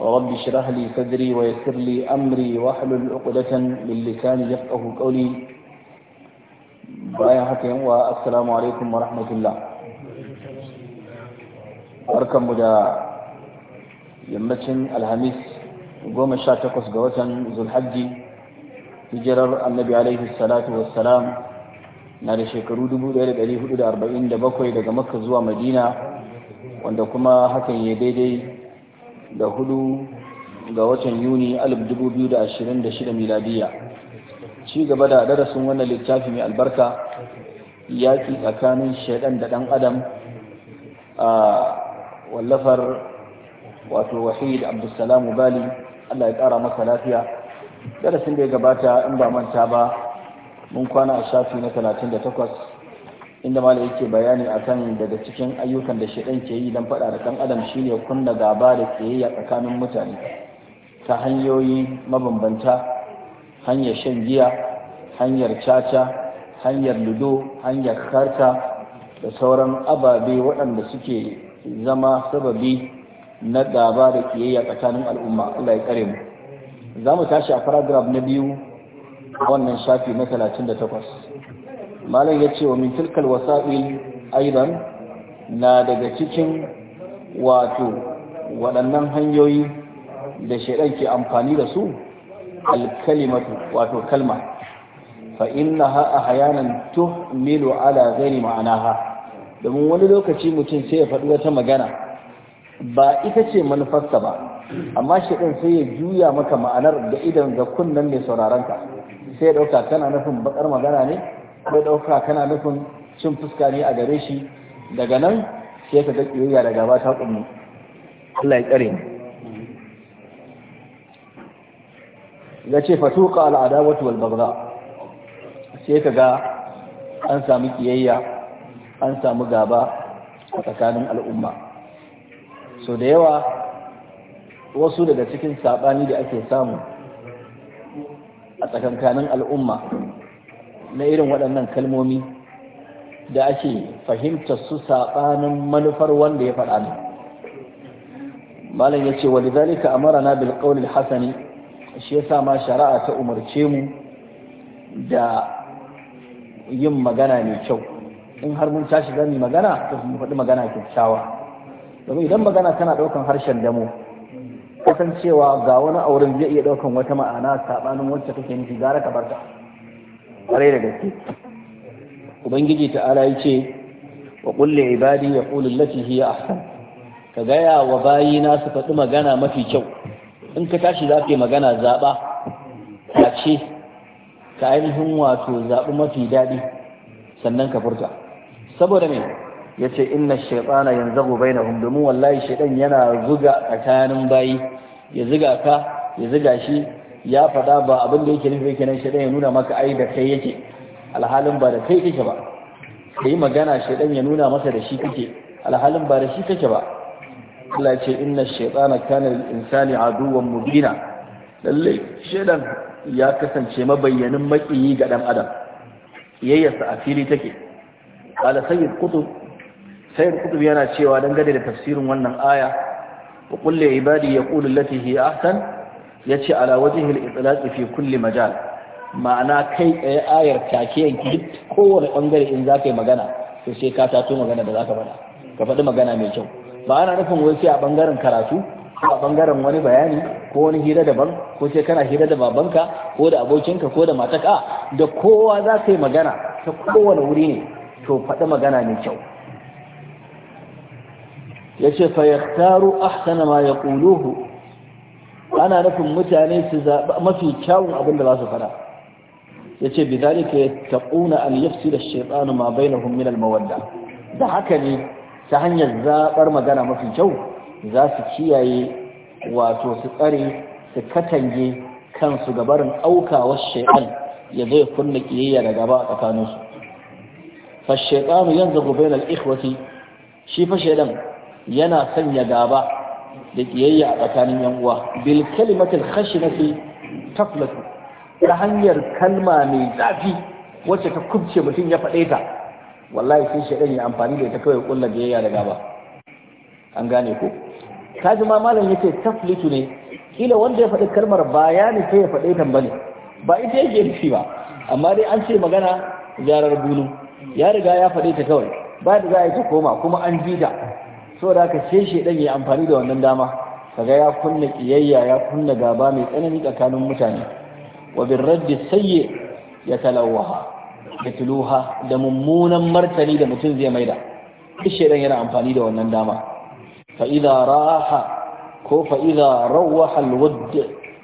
رب اشرح لي صدري ويسر لي أمري واحلل عقدة من لساني يفقه قولي بايا حكيم والسلام عليكم ورحمة الله barkan mu da yammacin alhamis goma sha takwas ga watan zulhajji hijirar annabi alaihi salatu wassalam na da shekaru 1447 daga makka zuwa madina wanda kuma hakan ya daidai da hudu ga watan yuni 2026 miladiya ci gaba da darasin wannan littafi mai albarka yaƙi tsakanin shaidan da ɗan adam a wallafar wato wahid abdulsalam bali allah ya ƙara masa lafiya darasin da ya gabata in ba manta ba mun kwana a shafi na takwas. inda malam yake bayani akan daga cikin ayyukan da shaidan ke yi dan faɗa da ɗan adam shine kunna gaba da ke a tsakanin mutane ta hanyoyi mabambanta hanyar shan giya hanyar caca hanyar ludo hanyar karta da sauran ababe waɗanda suke zama sababi na gaba da kiyayya tsakanin al'umma Allah ya kare mu za mu tashi a paragraph na biyu wannan shafi na 38 malam ya ce wa min tilkal wasa'il aidan na daga cikin wato waɗannan hanyoyi da shaidan ke amfani da su alkalimatu wato kalma fa a hayanan tuhmilu ala ma'ana ma'anaha domin wani lokaci mutum sai ya faɗi wata magana ba ita ce manufarsa ba amma shaidan sai ya juya maka ma'anar da idan ga kunnen mai sauraron ka sai ya ɗauka kana nufin bakar magana ne ko dauka kana nufin cin fuska ne a gare shi daga nan sai ka ga ƙiyayya daga ba ta kunni Allah ya kare ni ya ce fasuqa al'adawatu wal baghdha sai ka ga an samu ƙiyayya an samu gaba a tsakanin al'umma so da yawa wasu daga cikin saɓani da ake samu a tsakankanin al'umma na irin waɗannan kalmomi da ake fahimtar su saɓanin manufar wanda ya faɗa ne malam ya ce wani a amarana na Bilkaunin hasani shi yasa ma shari'a ta umarce mu da yin magana mai kyau in har mun tashi zami magana to mu faɗi magana kyakkyawa domin idan magana tana ɗaukan harshen damo kasancewa ga wani auren zai iya ɗaukan wata ma'ana saɓanin wacce kake nufi gara ka barta kwarai da gaske ubangiji ta'ala ya ce wa kulli ibadi ya qulu allati hiya ahsan ka gaya wa bayina su faɗi magana mafi kyau in ka tashi za ka magana zaɓa ka ce ka ainihin wato zaɓi mafi daɗi sannan ka furta saboda me ya ce inna shaitana yanzu bai na domin wallahi shaitan yana zuga tsakanin bayi ya zuga ka ya zuga shi ya faɗa ba abin da yake nufi kenan shaidan ya nuna maka ai da kai yake alhalin ba da kai kake ba kai magana shaidan ya nuna maka da shi kake alhalin ba da shi kake ba Allah ce inna shaytana kana lil insani aduwwan mubina lalle shaidan ya kasance mabayyanin makiyi ga dan adam yayyasa a fili take qala sayyid qutb sayyid qutb yana cewa dangane da tafsirin wannan aya wa qul li ibadi yaqulu allati hi ahsan ya ce ala wajen fi kulli majal ma'ana kai tsaye ayar take yanki duk kowane bangare in za ka yi magana to sai ka tato magana da za ka faɗa ka faɗi magana mai kyau ba ana nufin wai sai a bangaren karatu ko a bangaren wani bayani ko wani hira daban ko sai kana hira da babanka ko da abokinka ko da mataka da kowa za ka yi magana ta kowane wuri ne to faɗi magana mai kyau yace ce fa yaktaru ahsana ma yaquluhu ana nufin mutane su zaɓi mafi kyawun abin da za su fada ya ce bizalika ya taƙuna an da shaiɗanu ma bai na hummin almawadda da haka ne ta hanyar zaɓar magana mafi kyau za su kiyaye wato su tsare su katange kansu gabarin ɗaukawar shaitan ya zai kunna ƙiyayya da gaba a tsakaninsu fa shaitanu yanzu gubenar ikhwati shi fashe shaitan yana sanya gaba da kiyayya a tsakanin yan uwa bil kalimatil khashinati taflatu ta hanyar kalma mai zafi wacce ta kubce mutum ya faɗe ta wallahi sai shaidan ya amfani da ita kawai kullar yayya da gaba an gane ko kaji ma malam yace taflitu ne kila wanda ya faɗi kalmar bayani sai ya faɗe ta bane ba ita yake nufi ba amma dai an ce magana jarar bulu. ya riga ya faɗe ta kawai ba da za a yi ta koma kuma an ji ta da aka sai shedan ya amfani da wannan dama kaga ya kunna kiyayya ya kunna gaba mai tsanani tsakanin mutane wa bin raddi ya talawaha ya tuluha da mummunan martani da mutum zai maida duk dan yana amfani da wannan dama fa idza raha ko fa idza rawaha al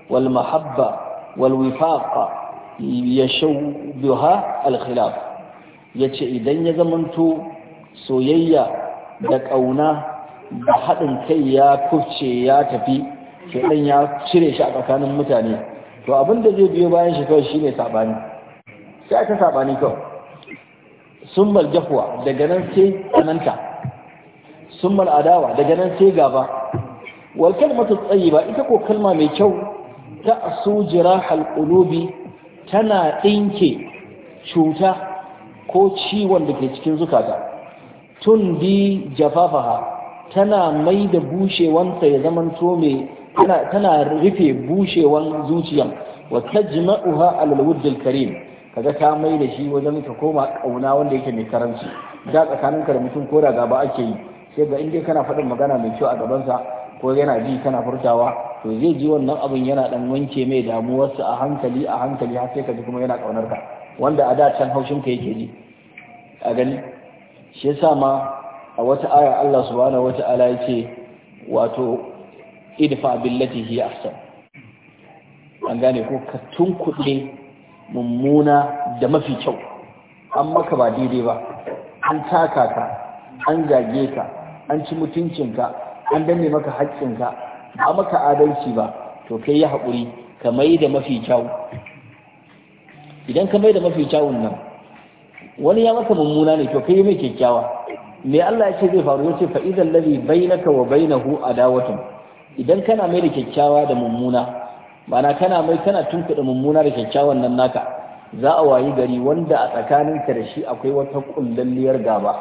wal mahabba wal wifaq yashawbaha al yace idan ya zamanto soyayya da ƙauna da haɗin kai ya kufce ya tafi shaidan ya cire shi a tsakanin mutane to abin da zai biyo bayan shi kawai shine saɓani sai aka saɓani kawai sun mal jafuwa daga nan sai tsananta sun mal adawa daga nan sai gaba wal kalmatu ba ita ko kalma mai kyau ta asu jirahal qulubi tana ɗinke cuta ko ciwon da ke cikin zukata tun bi jafafaha tana mai da bushewanta ya zaman tome tana rufe bushewan zuciyan wa tajma'uha alal wuddil karim kaga ta mai da shi wajen ka koma kauna wanda yake mai karanci da tsakaninka da mutum ko da gaba ake yi sai ga inda kana faɗin magana mai kyau a gabansa ko yana ji kana furtawa to zai ji wannan abin yana dan wanke mai damuwarsa a hankali a hankali har sai ka ji kuma yana kaunar ka wanda a da can haushin ka yake ji a gani shi yasa ma a wata aya Allah subhanahu wata'ala yake wato idfa billati hi ahsan an gane ko ka tunkuɗe mummuna da mafi kyau an maka ba daidai ba an taka ka an gage ka an ci mutuncinka an danne maka haƙƙinka ba maka adalci ba to kai yi haƙuri ka mai da mafi kyau idan ka mai da mafi kyawun nan wani ya masa mummuna ne to kai mai kyakkyawa me Allah ya ce zai faru yace fa idan ladhi bainaka wa bainahu adawatun idan kana mai da kyakkyawa da mummuna ma'ana kana mai kana tunkuɗa mummuna da kyakkyawan nan naka za a wayi gari wanda a tsakanin ka da shi akwai wata kullalliyar gaba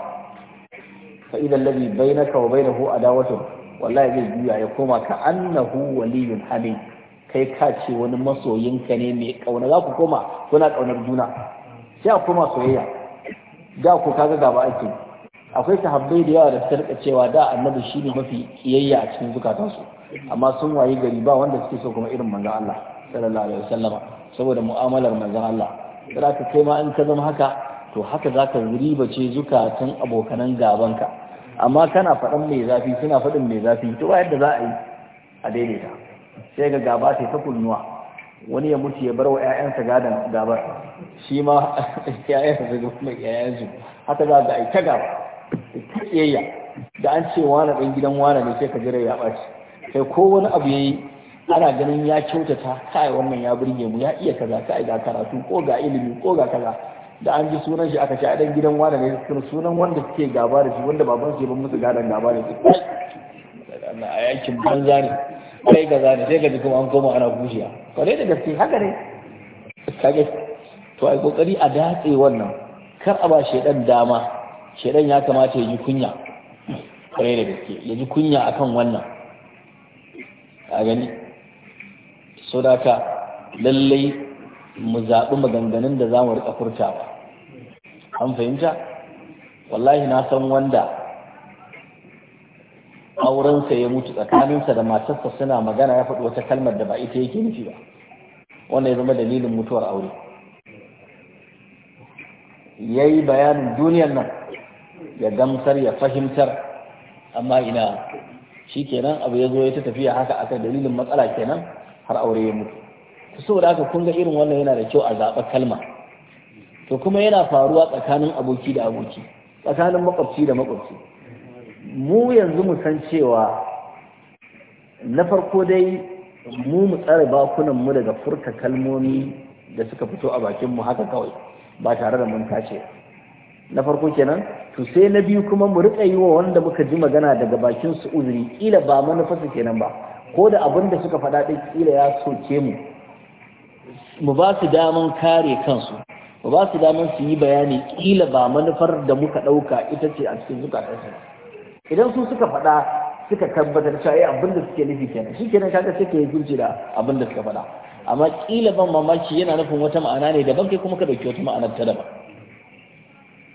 fa idan ladhi bainaka wa bainahu adawatun wallahi zai juya ya koma ka annahu waliyun hamid kai ka ce wani masoyinka ne mai kauna za ku koma kuna kaunar juna sai a koma soyayya da ko ga gaba ake akwai sahabbai da yawa da suka rika cewa da annabi shine mafi kiyayya a cikin zukatan su. amma sun wayi gari ba wanda suke so kuma irin manzon Allah sallallahu alaihi wasallama saboda mu'amalar manzon Allah Da ka kai ma in ka zama haka to haka zaka riba ce zukatan abokanan gaban ka. amma kana faɗan mai zafi suna faɗin mai zafi to ba yadda za a yi a daidaita sai ga gaba sai ta kunnuwa wani ya mutu ya bar wa 'ya'yansa gadon gabar shi ma 'ya'yansa da kuma 'ya'yansu haka za a ita gaba ta tsiyayya da an ce wane ɗan gidan wane ne sai ka jira ya ɓaci sai ko wani abu ya yi ana ganin ya kyautata kai wannan ya burge mu ya iya kaza kai ga karatu ko ga ilimi ko ga kaza da an ji sunan shi aka ce a ɗan gidan wane ne sunan wanda suke gaba da shi wanda baban su ya ban musu gadon gaba da shi a yakin banza ne kai ga zane sai gaji kuma an koma ana gujiya kwarai da gaske haka ne kage to ai kokari a datse wannan kar a ba shedan dama shedan ya kamata ya ji kunya kwarai da gaske ya ji kunya akan wannan a gani so da ka lallai mu zaɓi maganganun da za mu riƙa furtawa an fahimta wallahi na san wanda aurensa ya mutu tsakaninsa da matarsa suna magana ya faɗi wata kalmar da ba ita yake nufi ba wannan ya zama dalilin mutuwar aure ya yi bayanin duniyar nan ya gamsar ya fahimtar amma ina shi kenan abu ya zo ya ta tafiya haka aka dalilin matsala kenan har aure ya mutu saboda haka kun ga irin wannan yana da kyau a zaɓa kalma to kuma yana faruwa tsakanin aboki da aboki tsakanin makwabci da makwabci mu yanzu mu san cewa na farko dai mu mu tsare bakunan mu daga furta kalmomi da suka fito a bakin mu haka kawai ba tare da mun tace na farko kenan to sai na biyu kuma mu rika yi wa wanda muka ji magana daga bakin su uzuri kila ba manufarsa kenan ba ko da abin da suka faɗa ɗin kila ya soke mu mu ba su daman kare kansu mu ba su daman su yi bayani kila ba manufar da muka ɗauka ita ce a cikin zukatansu idan su suka faɗa suka tabbatar cewa eh abinda suke nufi kenan shi kenan kaga suke yi gurji da abin da suka faɗa amma ƙila ban mamaki yana nufin wata ma'ana ne daban kai kuma ka dauki wata ma'anar ta daban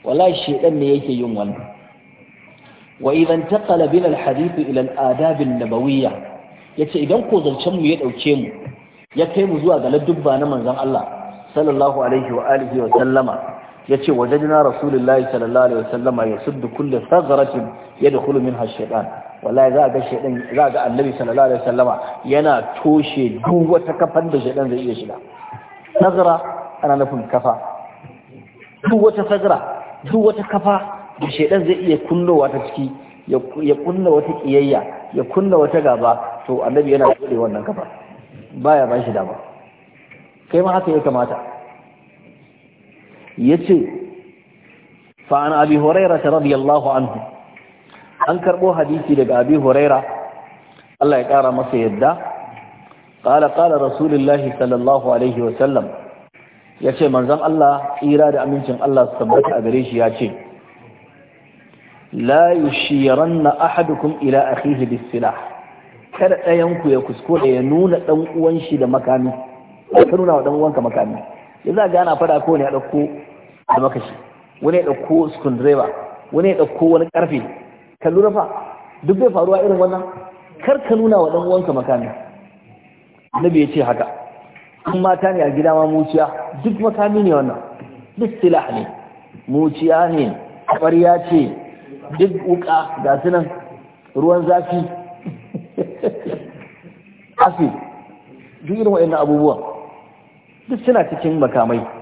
wallahi ɗan ne yake yin wannan wa idan taqala bil hadith ila al adab nabawiyya yace idan ko zancen mu ya ɗauke mu ya kai mu zuwa ga ladubba na manzon Allah sallallahu alaihi wa alihi wa sallama Ya ce yace wajadna rasulullahi sallallahu alaihi wasallama yasuddu kulli saghratin yadkhulu minha ash-shaytan wallahi za ga shaytan za ga annabi sallallahu alaihi wasallama yana toshe duk wata kafan da shaytan zai iya shiga saghra ana nufin kafa duk wata saghra duk wata kafa da shaytan zai iya kullowa ta ciki ya kunna wata kiyayya ya kunna wata gaba to annabi yana dole wannan kafa baya ba shi dama kai ma haka ya kamata yace fa an abi hurairah radiyallahu anhu an karbo hadisi daga abi hurairah Allah ya kara masa yadda qala qala rasulullahi sallallahu alaihi wa sallam yace manzon Allah tsira da amincin Allah su tabbata a gare shi yace la yushiranna ahadukum ila akhihi bis silah kada ɗayan ku ya kuskure ya nuna ɗan uwan shi da makami ka nuna wa ɗan uwanka makami ya za gana fada ko ne a ɗauko almakashi wani ya ɗauko screwdriver wani ya ɗauko wani ƙarfe ka lura fa duk bai faruwa irin wannan kar ka nuna wa ɗan uwanka makami annabi ya ce haka in mata ne a gida ma muciya duk makami ne wannan duk silah ne muciya ne ƙwarya ce duk wuka ga su nan ruwan zafi afi duk irin waɗannan abubuwan duk suna cikin makamai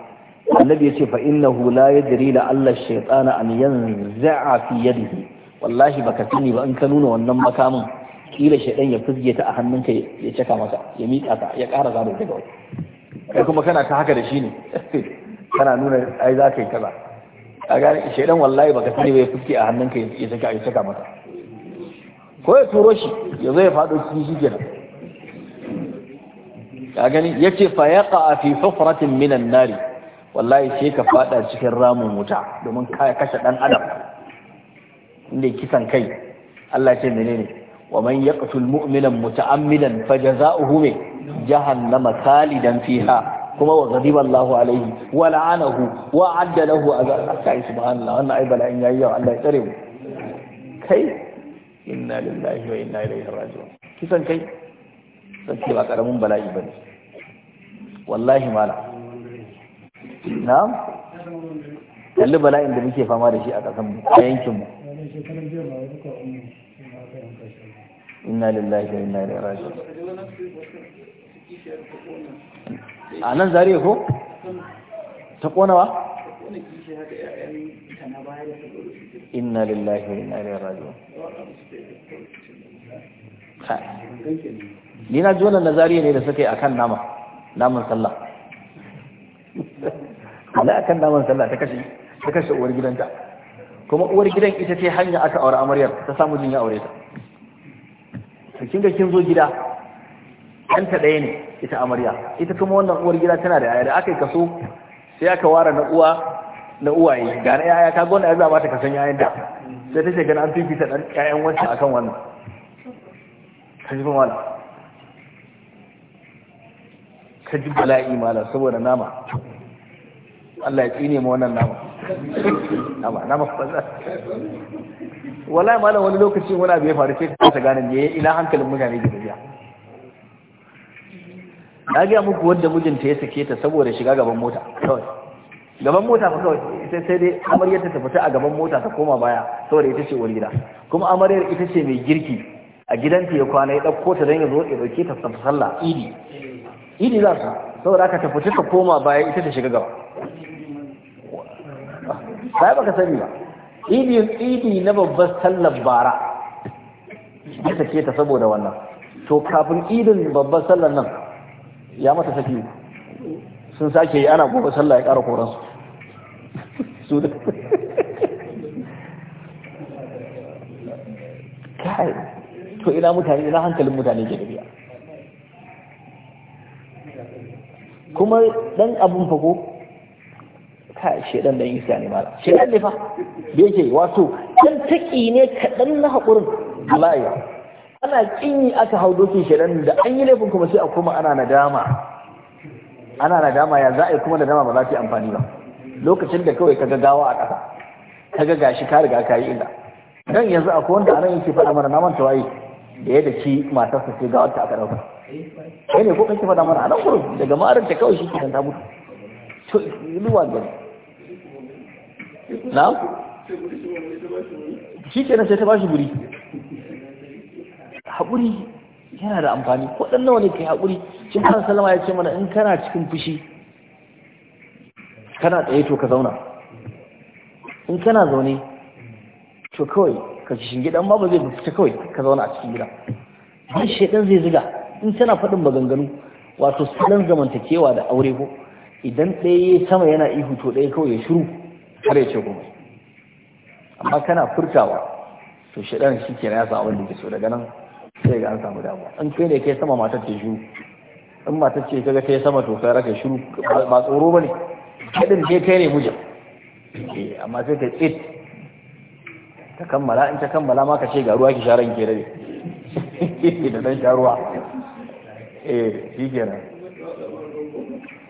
annabi yace fa innahu la yadri la alla shaytana an yanza'a fi yadihi wallahi baka sani ba in ka nuna wannan makamin kila shaidan ya fizge ta a hannunka ya caka masa ya miƙa ka ya ƙara zaro ta gaba kai kuma kana ta haka da shi ne kana nuna ai za ka yi kaza a gane shaytan wallahi baka sani ba ya fizge a hannunka ya caka ya caka masa ko ya turo shi ya zo ya faɗo cikin shi kenan ka gani yace fa yaqa fi hufratin minan nari wallahi sai ka fada cikin ramun wuta domin ka kashe dan adam inda kisan kai Allah ce menene wa man yaqtul mu'mina muta'ammidan fajaza'uhu jahannama khalidan fiha kuma wa ghadiba Allahu alaihi wa la'anahu wa adda lahu azab kai subhanallah wannan ai bala'in yayi yau Allah ya tsare mu kai inna lillahi wa inna ilaihi raji'un kisan kai sai ba karamin bala'i bane wallahi mala na'am kalli bala'in da muke fama da shi a ƙasan mu a yankin mu inna lillahi wa inna ilaihi raji'un a nan zariya ko ta wa? inna lillahi wa inna ilaihi raji'un ni na ji na zariya ne da suka yi akan nama naman sallah Allah kan daman sallah ta kashe ta kashe uwar gidanta kuma uwar gidan ita ce hanya aka aure amaryar ta samu jin ya aure ta cikin da kin zo gida ta ɗaya ne ita amarya ita kuma wannan uwar gida tana da da aka yi kaso sai aka ware na uwa na uwaye ga na yaya ka gona yanzu ba ta kasan yayan da sai ta ce gana an fifita ɗan 'ya'yan wancan akan wannan ka ji kuma ka ji bala'i mala saboda nama Allah ya tsine ma wannan nama nama nama Wala wallahi malam wani lokaci wani abu ya faru sai ka ta gane me ina hankalin mutane ke tafiya na ga muku wanda mijinta ya sake ta saboda shiga gaban mota kawai gaban mota fa kawai sai sai dai amaryar ta tafi a gaban mota ta koma baya saboda ita ce uwar gida kuma amaryar ita ce mai girki a gidanta ya kwana ya ɗauko ta don ya zo ya ɗauke ta sallah idi idi za su saboda aka tafi ta koma baya ita ta shiga gaba ba baka sani ba idi idi na babbar sallar bara ya sake ta saboda wannan to kafin idin babbar sallar nan ya mata saki sun sake yi ana gobe sallah ya ƙara koran su da kai to ina mutane ina hankalin mutane ke biya kuma dan abun fago kai shedan dan isa ne mala shedan ne fa da yake wato kan taki ne kadan na hakurin wallahi ana kinyi aka hau dokin shedan da an yi laifin kuma sai a kuma ana nadama ana nadama ya za a yi kuma nadama ba za ta yi amfani ba lokacin da kawai ga gawa a ƙasa ga gashi ka riga ka yi inda. dan yanzu akwai wanda anan yake faɗa mana na manta waye da ki daci matarsa sai ga ta aka ɗauka kai ne ko kake faɗa mana anan gurin daga ma'arar ta kawai shi ke ta mutu to ruwa gari na? shi ke sai ta bashi shi guri haƙuri yana da amfani waɗannan ne kai haƙuri shi kan salama ya ce mana in kana cikin fushi kana tsaye to ka zauna in kana zaune to kawai ka ci shingida amma babu zai fita kawai ka zauna a cikin gida har shaidan zai ziga in tana faɗin maganganu wato salon zamantakewa da aure ko idan ɗaya ya sama yana ihu to ɗaya kawai ya shiru har ce kuma amma kana furtawa to shedan shi ke ya samu wanda ke so daga nan sai ga an samu damuwa an kai ne kai sama matar ce shiru in matar ce kaga kai sama to kai raka shiru ba tsoro bane kadin je kai ne muje eh, amma sai ka tsit ta kammala in ta kammala ma ka ce ga ruwa ki sharan ke rabe da dan sharuwa eh shi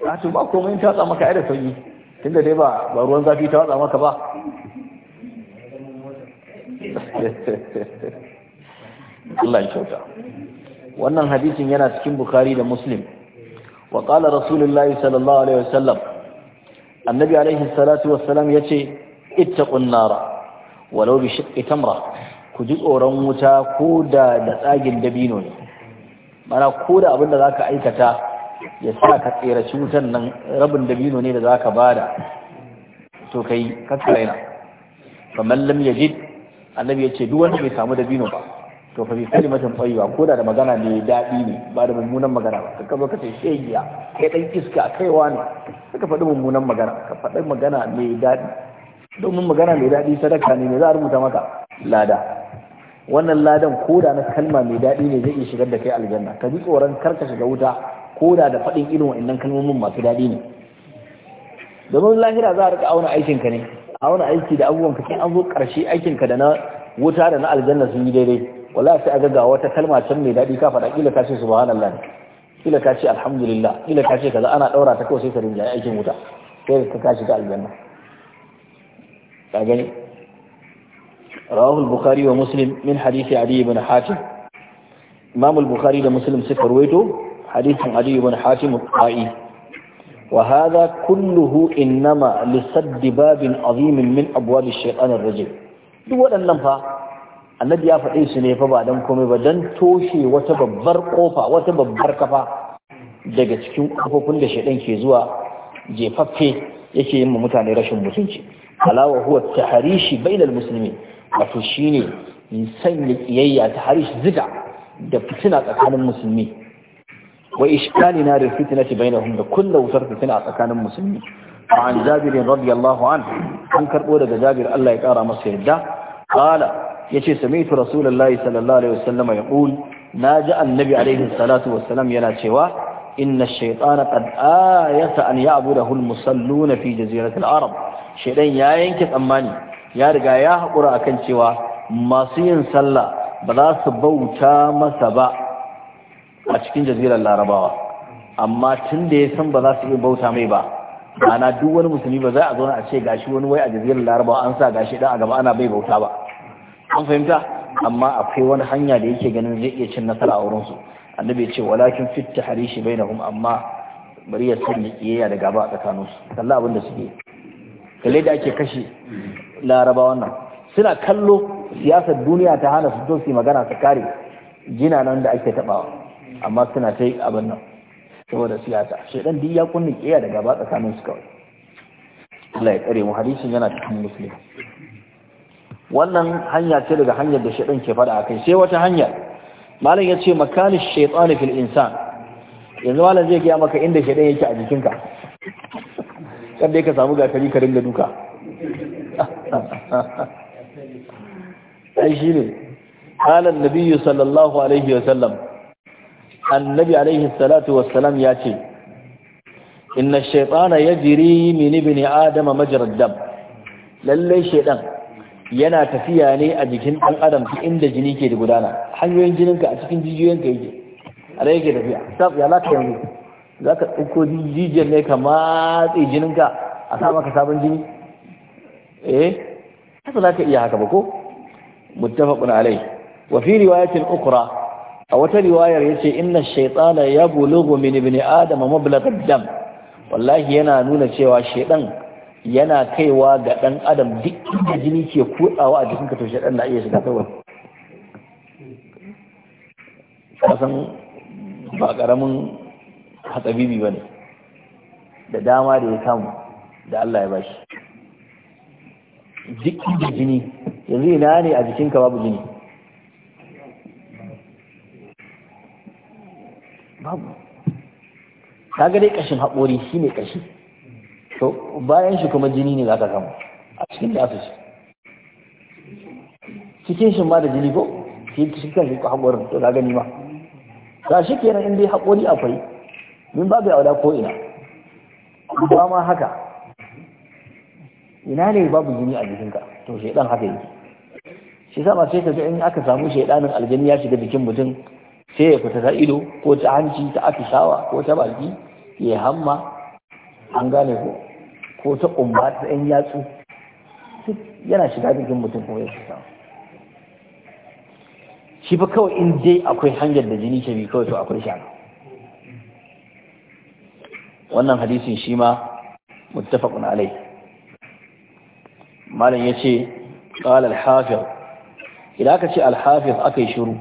Na a ah, to ba komai ta tsama ka da sauki tunda dai ba ba ruwan zafi ta watsa maka ba Allah ya kyauta wannan hadisin yana cikin bukhari da muslim wa qala rasulullahi sallallahu alaihi wasallam annabi alaihi salatu wassalam yace ittaqun nara walau bi shiqqi tamra ku ji tsoron wuta ko da da tsagin dabino ne mana ko da abin da zaka aikata ya sa ka tseraci wutan nan rabin dabino ne da za ka bada to kai kakkaina kamar lam ji annabi ya ce duk bai samu dabino ba to fa bi kalimatin tsayiwa ko da magana ne daɗi ne ba da mummunan magana ba kaka zo ka ce shegiya kai dan iska kai ne kaka faɗi mummunan magana ka faɗi magana mai daɗi domin magana mai daɗi sadaka ne ne za a rubuta maka lada wannan ladan ko da na kalma mai daɗi ne zai iya shigar da kai aljanna ka ji tsoron karka shiga wuta ko da da faɗin irin wa'annan kalmomin masu daɗi ne domin lahira za a rika auna aikinka ne auna aiki da abubuwan ka an zo ƙarshe aikinka da na wuta da na aljanna sun yi daidai wala sai a ga wata kalma can mai daɗi ka faɗa kila ka ce subhanallah kila ka ce alhamdulillah kila ka ce kaza ana ɗaura ta kawai sai ka rinjaye aikin wuta sai ka kashi ka aljanna ka gani rawahu al-bukhari wa muslim min hadisi ali ibn hatim imam al-bukhari da muslim suka ruwaito حديث علي بن حاتم الطائي وهذا كله إنما لسد باب عظيم من أبواب الشيطان الرجيم دولا ننفع النبي dan إيسي نيفا بعدم كومي بدن توشي وتببر قوفا وتببر كفا daga cikin kafofin da shaidan ke zuwa jefaffe yake yin mutane rashin mutunci alawa huwa taharishi bainal musulmi wato shine sanya kiyayya taharish ziga da fitina tsakanin musulmi wa na da fitnati bainahum da kullu wutar da a tsakanin musulmi an jabir radiyallahu an an karbo daga jabir Allah ya kara masa yadda qala yace sami'tu rasulullahi sallallahu alaihi wasallam yaqul naji annabi alaihi salatu wassalam yana cewa inna ash-shaytana qad ayasa an ya'budahu al-musalluna fi jaziratil arab shaydan ya yanke tsammani ya riga ya hakura akan cewa masu yin sallah ba za su bauta masa ba a cikin jazirar larabawa amma tun da ya san ba za su iya bauta mai ba ana duk wani musulmi ba za a zauna a ce gashi wani wai a jazirar larabawa an sa gashi dan a gaba ana bai bauta ba an fahimta amma akwai wani hanya da yake ganin zai iya cin nasara a wurinsu annabi ya ce walakin fit tahrishi bainahum amma bari ya sanya kiyayya da gaba a tsakaninsu kalla abin da suke kalle da ake kashe larabawa nan suna kallo siyasar duniya ta hana su to su magana su kare gina nan da ake tabawa amma suna ta yi abin nan saboda siyasa shaidan duk ya kunni kiyaye daga ba tsakanin su kawai Allah ya tsare mu hadisin yana cikin musulmi wannan hanya ce daga hanyar da shaidan ke fada akai sai wata hanya malam yace makalin shaytan fil insan yanzu malam zai ga maka inda shaidan yake a jikinka kada ka samu gatari ka ringa duka ai shine ne. an-nabiy sallallahu alaihi wa sallam annabi alaihi salatu wassalam ya ce inna ya jiri min ibni adama majrad dam lalle shaytan yana tafiya ne a jikin dan adam ta inda jini ke da gudana hanyoyin jininka a cikin jijiyoyin ka yake a da yake tafiya sab ya laka yanzu zaka dauko jijiyar ne ka matse jininka a sa maka sabon jini eh haka zaka iya haka ba ko muttafaqun alai wa fi riwayatin ukhra a wata riwayar yace inna shaytana yablughu min ibni adam mablagha dam wallahi yana nuna cewa shaydan yana kaiwa ga dan adam duk inda jini ke kudawa a jikinka to shaydan na iya shiga kawai kasan ba karamin hatsabibi bane da dama da ya samu da Allah ya bashi duk inda jini yanzu ina ne a jikinka babu jini babu kaga dai kashin haƙori shi ne kashi to bayan shi kuma jini ne za ka samu a cikin da aka cikin shi ma da jini ko shi cikin kan shi haƙorin to ga gani ma ga shi kenan in dai haƙori akwai min babu ya ko ina ba ma haka ina ne babu jini a jikinka to shaidan haka yake shi sama sai ka ga in aka samu shaidanin aljini ya shiga jikin mutum sai ya fita ta ido ko ta hanci ta shawa ko ta baki ya hamma an gane ko ko ta umba ta yan yatsu yana shiga cikin mutum kuma ya shiga shi fa kawai in dai akwai hanyar da jini ke bi kawai to akwai shaka wannan hadisin shi ma muttafaqun alai malam yace qala al-hafiz idan aka ce al-hafiz aka yi shiru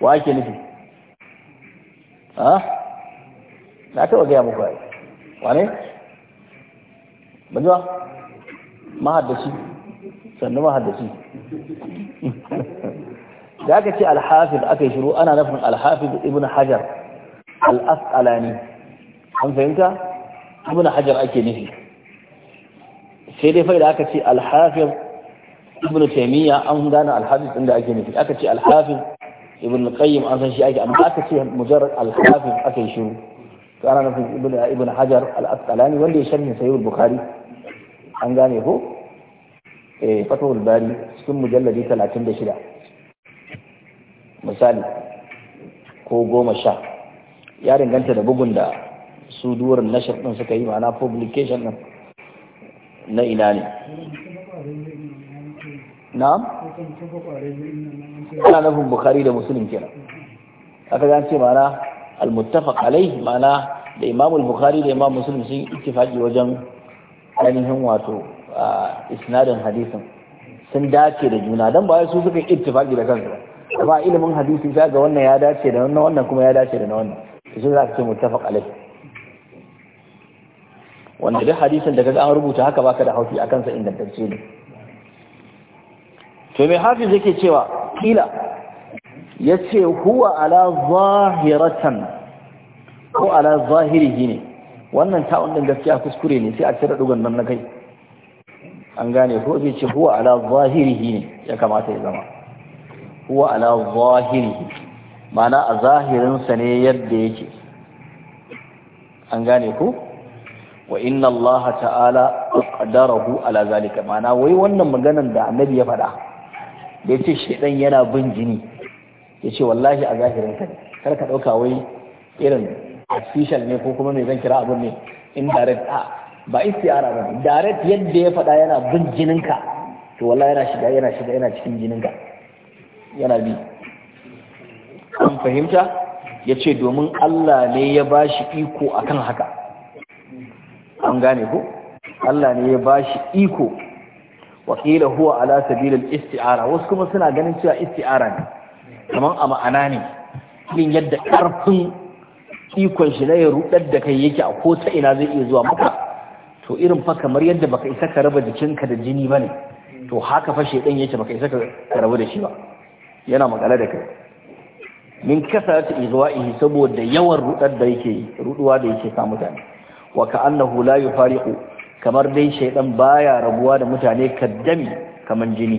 wa ake nufi ha na taɓa gaya muku ai wane bajuwa mahaddaci sannu mahaddaci da aka ce alhafiz aka yi shiru ana nufin alhafiz ibn hajar al-asqalani an fahimta ibn hajar ake nufi sai dai fai da aka ce alhafiz ibn taimiyya an gane alhafiz inda ake nufi aka ce alhafiz ibn qayyim an san shi ake amma aka ce mujarrad al-hafiz aka yi shiru to ana nufin ibn ibn hajar al-asqalani wanda ya sharhi sahih al-bukhari an gane ko eh fatawul bari cikin mujalladi 36 misali ko goma sha ya danganta da bugun da su duwar nashar din suka yi ma'ana publication din na ina ne na'am ana nufin bukari da musulun kenan aka ga ce ma'ana al-muttafaq alai mana da imam al-bukhari da imam muslim sun ittifaqi wajen ainihin wato isnadin hadisin sun dace da juna dan ba su suka ittifaqi da kansu ba ilimin hadisi ga wannan ya dace da wannan wannan kuma ya dace da wannan shi za ka ce muttafaq alai wanda duk hadisin da kaga an rubuta haka baka da haufi akan sa ingantacce ne to mai hafiz ke cewa kila ya ce huwa ala zahiratan ko ala zahirihi ne wannan ta'un din gaskiya kuskure ne sai a cire dugan nan na kai an gane ko zai ce huwa ala zahirihi ne ya kamata ya zama huwa ala zahirihi ma'ana a zahirinsa ne yadda yake an gane ku? wa inna allaha ta'ala qaddarahu ala zalika Ma'ana wai wannan maganan da annabi ya faɗa da ya ce shaidan yana bin jini ya ce wallahi a zahirin ka ne kar ka ɗauka wai irin official ne ko kuma mai zan kira abin ne indirect a ba istiyara ba direct yadda ya faɗa yana bin jinin ka to wallahi yana shiga yana shiga yana cikin jinin ka yana bi an fahimta ya ce domin Allah ne ya ba shi iko akan haka an gane ko Allah ne ya ba shi iko wakila huwa ala sabilin isti'ara wasu kuma suna ganin cewa isti'ara ne kamar a ma'ana ne yin yadda karfin ikon shi na ya rudar da kai yake a ko ta ina zai iya zuwa maka to irin fa kamar yadda baka isa ka raba jikinka da jini ne, to haka fa shedan yake baka isa ka rabu da shi ba yana makale da kai min izuwa izwa'ihi saboda yawan rudar da yake da yake sa mutane wa ka'annahu la yufariqu kamar dai shaidan baya rabuwa da mutane kaddami kamar jini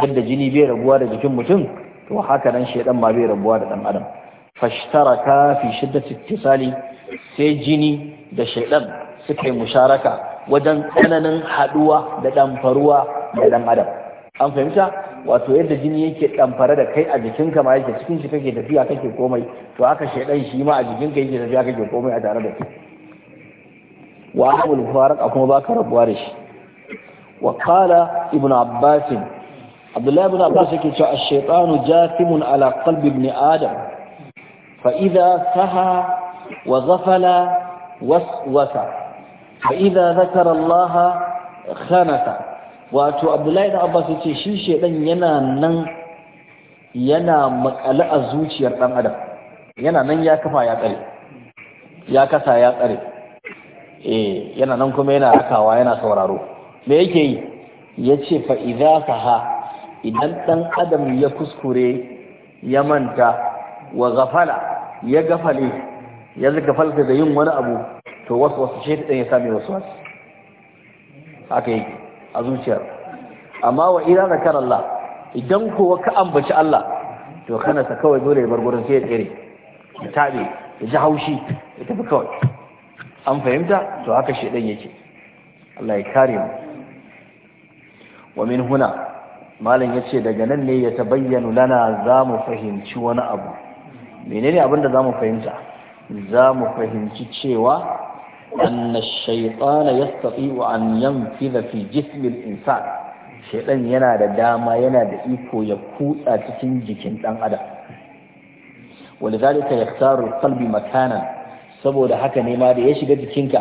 yadda jini bai rabuwa da jikin mutum to haka nan shaidan ma bai rabuwa da dan adam fashtaraka fi shiddati ittisali sai jini da shaidan suka yi musharaka wajen tsananin haduwa da damfaruwa da dan adam an fahimta wato yadda jini yake damfara da kai a jikinka ma yake cikin shi kake tafiya kake komai to haka shaidan shi ma a jikinka yake tafiya kake komai a tare da kai wa ahmul faraka kuma baka rabuwa da shi wa qala ibnu abbas Abdullahi ibn abbas yake cewa ash-shaytanu jathimun ala qalbi ibn adam fa idha saha wa ghafala waswasa fa idha dhakara allah khanata wato abdullahi ibn abbas yace shi shedan yana nan yana makale a zuciyar dan adam yana nan ya kafa ya tsare ya kasa ya tsare eh yana nan kuma yana rakawa yana sauraro me yake yi ya ce fa idza ha idan ɗan adam ya kuskure ya manta wa gafala ya gafale ya gafalta da yin wani abu to wasu wasu shi ɗan ya same wasu wasu haka yake a zuciyar amma wa idan zakar Allah idan kowa ka ambaci Allah to kana sa kawai dole ya bar gurin sai ya tsere ya tabe ya ji haushi ya tafi kawai an fahimta to haka shaidan yake Allah ya kare mu wa min huna malam yace daga nan ne ya tabayyana lana zamu fahimci wani abu menene za mu fahimta zamu fahimci cewa anna shaytana yastati'u an yanfidha fi jismil insan shaidan yana da dama yana da iko ya kutsa cikin jikin dan adam ولذلك يختار القلب makanan? saboda haka ne ma da ya shiga jikinka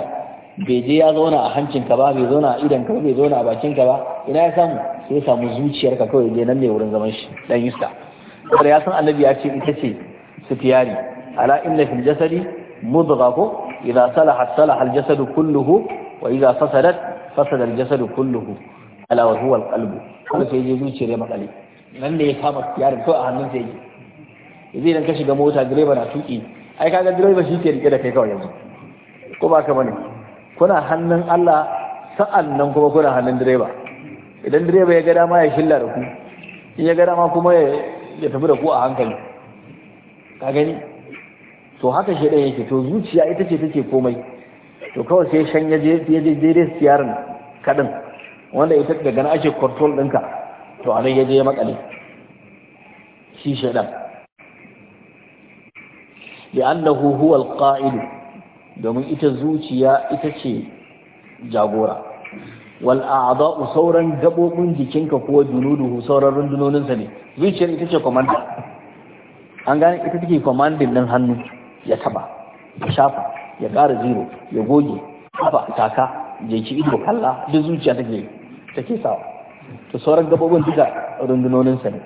bai je ya zauna a hancinka ba bai zauna a idanka ba bai zauna a bakinka ba ina ya samu sai ya samu zuciyarka kawai je nan ne wurin zaman shi dan iska saboda ya san annabi ya ce ita ce sufiyari ala inna fil jasadi mudgha ko idza salaha salaha al jasadu kulluhu wa idza fasadat fasada al jasadu kulluhu ala wa huwa al qalbu kuma sai je zuciyar ya makale nan ne ya kama yarin kawai a hannun sai yake idan ka shiga mota direba na tuki ai kaga direba shi ke rike da kai kawai yanzu ko ba ka bane kuna hannun Allah sa'an nan kuma kuna hannun direba idan direba ya ga dama ya shilla da ku in ya ga dama kuma ya tafi da ku a hankali ka gani to haka shi ɗaya yake to zuciya ita ce take komai to kawai sai shan ya je daidai siyarin kadin wanda ita daga nan ake control dinka to a ya je ya makale shi shaɗan li'annahu huwal qa'ilu domin ita zuciya ita ce jagora wal a'dha'u sauran gabobin jikinka ko junuduhu sauran rundunoninsa ne zuciyar ita ce commander an gane ita take commanding din hannu ya taba ya shafa ya ƙara zero ya goge kafa taka jeki ido kalla duk zuciya take sawa to sauran gabobin duka rundunoninsa ne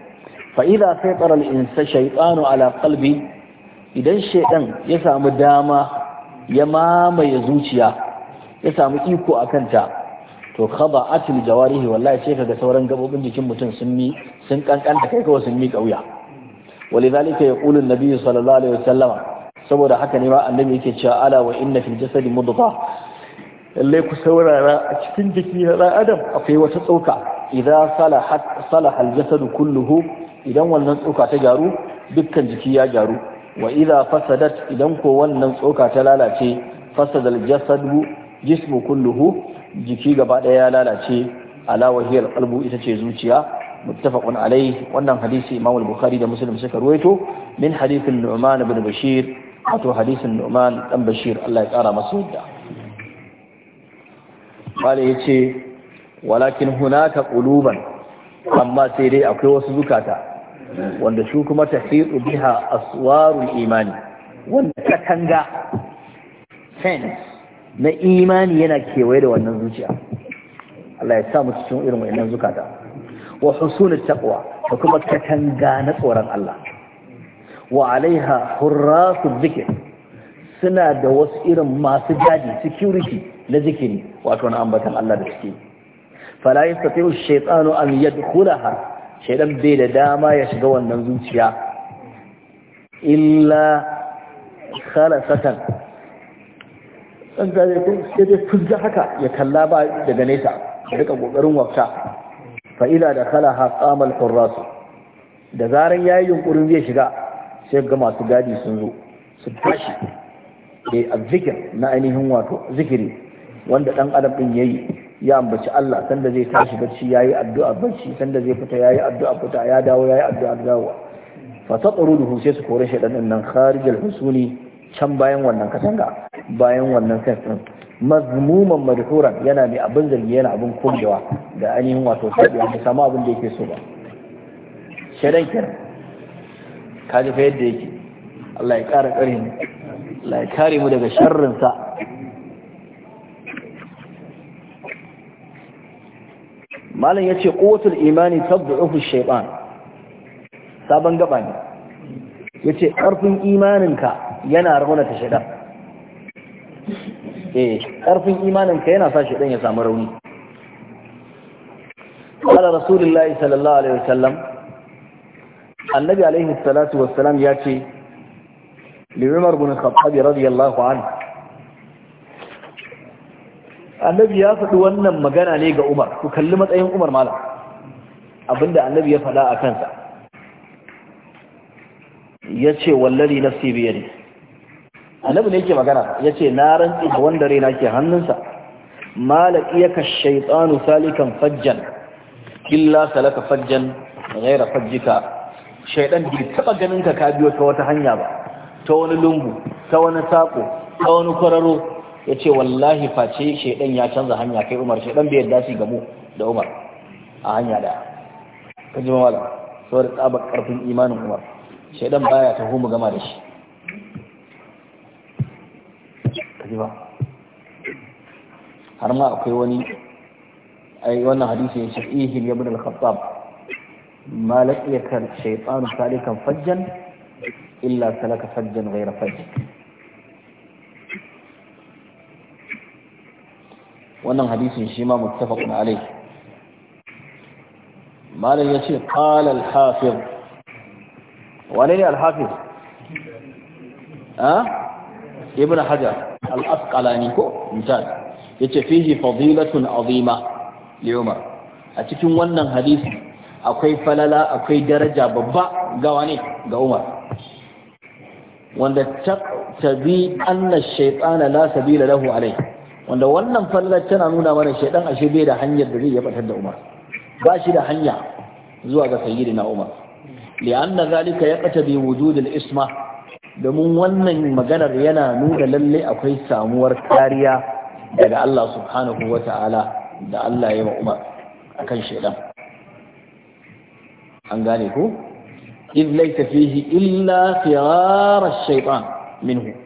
fa insa shaytanu ala idan shaidan ya samu dama ya mamaye zuciya ya samu iko a kanta to khaba atil jawarihi wallahi sai kaga sauran gabobin jikin mutum sun mi sun kankan da kai kawai sun mi kauya walidhalika yaqulu an nabiy sallallahu alaihi wasallama saboda haka ne ma annabi yake cewa ala wa inna fil jasadi mudghah lalle ku saurara a cikin jiki na adam akwai wata tsoka idan salahat salahal jasadu kulluhu idan wannan tsoka ta gyaru dukkan jiki ya gyaru wa idza fasadat idan ko wannan tsoka ta lalace fasadal jasadu jismu kulluhu jiki gaba daya ya lalace ala wahiyal qalbu ita ce zuciya muttafaqun alayh wannan hadisi imam al-bukhari da muslim suka ruwaito min hadithin nu'man ibn bashir wato hadisin nu'man dan bashir Allah ya kara masa yadda wale yace walakin hunaka quluban amma sai dai akwai wasu zukata wanda su kuma ta hiɗu biha aswarul imani wanda katanga fence na imani yana kewaye da wannan zuciya Allah ya samu cikin irin wayannan zukata wa husunut taqwa da kuma katanga na tsoron Allah wa alaiha hurrasu zikir suna da wasu irin masu gadi security na zikiri wato na ambatan Allah da suke fala yastati'u shaytanu an yadkhulaha shaidan bai da dama ya shiga wannan zuciya illa khalasatan san da kun sai dai fuzza haka ya kalla ba daga nesa ya rika kokarin wafta fa khala kala qama al-qurras da zaran yayi yunkurin zai shiga sai ga masu gadi sun zo su tashi da eh, azzikir na ainihin wato zikiri wanda dan adam din yayi ya ambaci Allah sanda zai tashi bacci yayi addu'a bacci sanda zai fita yayi addu'a fita ya dawo yayi addu'a dawo fa taqruduhu sai su kore shaydan din nan kharijal husuli can bayan wannan katanga bayan wannan kai din mazmuman madhuran yana mai abin zargi yana abin kogewa da ainihin wato sabi wanda sama abin da yake so ba shaydan kenan kaji fa yadda yake Allah ya kara Allah ya kare mu daga sharrin sa malam ya ce ƙotul imani tabbu'uhu shaiɓan sabon gaba ne ya ce ƙarfin imaninka yana raunata shaiɗan eh ƙarfin imaninka yana sa shaiɗan ya samu rauni ƙwala rasulullahi sallallahu alaihi wasallam annabi alaihi salatu wassalam ya ce liwimar bin khattabi radiyallahu anhu annabi ya faɗi wannan magana ne ga umar ku kalli matsayin umar malam abinda annabi ya faɗa a kansa ya ce wallari nafsi biyari annabi ne ke magana ya ce na rantse a wanda rena ke hannunsa malakiyaka shaitanu salikan fajjan illa salaka fajjan gaira fajjika shaidan bai taba ganin ka ka biyo ta wata hanya ba ta wani lungu ta wani sako ta wani kwararo ya ce wallahi face shaidan ya canza hanya kai umar shaidan bai yadda su gamu da umar a hanya da ka ji mawala saboda tsabar karfin imanin umar shaidan baya taho mu gama da shi ka ji ba har ma akwai wani ai wannan hadisi ya ce ihil ya bude al-khattab ma laqiyaka shaytanu salikan fajjan illa salaka fajjan ghayra fajjan wannan hadisin shi ma muttafaqun alai malam yace qala al-hafiz wane ne al-hafiz ha ah? ibn hajar al-asqalani ko misal yace fihi fadilatun azima li umar a cikin wannan hadisi akwai falala akwai daraja babba ga wane ga umar wanda ta tabi anna shaytana la sabila lahu alai. wanda wannan fallar tana nuna mana shaidan ashe bai da hanyar da zai ya batar da Umar ba shi da hanya zuwa ga na Umar li'anna zalika yaqtabi wujud al-isma domin wannan maganar yana nuna lalle akwai samuwar kariya daga Allah subhanahu ta'ala da Allah ya ma Umar akan shaidan an gane ko idh laysa fihi illa firar shaytan minhu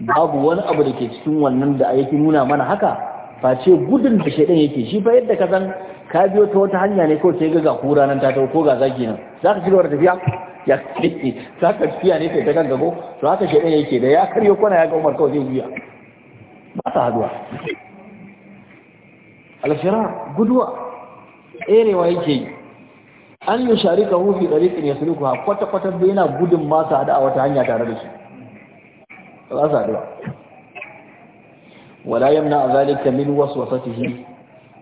babu wani abu da ke cikin wannan da yake nuna mana haka face gudun da shaidan yake shi fa yadda ka san ka biyo ta wata hanya ne ko sai ga ga kura nan ta tau ko ga zaki nan za ka ci tafiya ya kake zaka tafiya ne sai ta kan gago to haka shaidan yake da ya karyo kwana ya ga umar kawai zai wuya ba ta haduwa alfira guduwa tserewa yake yi an yi sharika hufi ɗariƙin ya suluku ha kwata-kwata da yana gudun masa hada a wata hanya tare da shi ba za su ba wala yamna zalika min waswasatihi